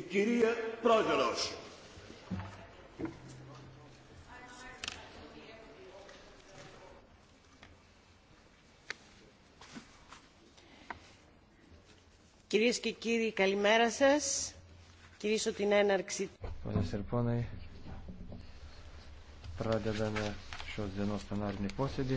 Κυρία Πρόεδρος. Κυρίες και κύριοι, καλημέρα σας. Κυρίσω την έναρξη. Ponas ir ponai, pradedame šios dienos plenarinį posėdį.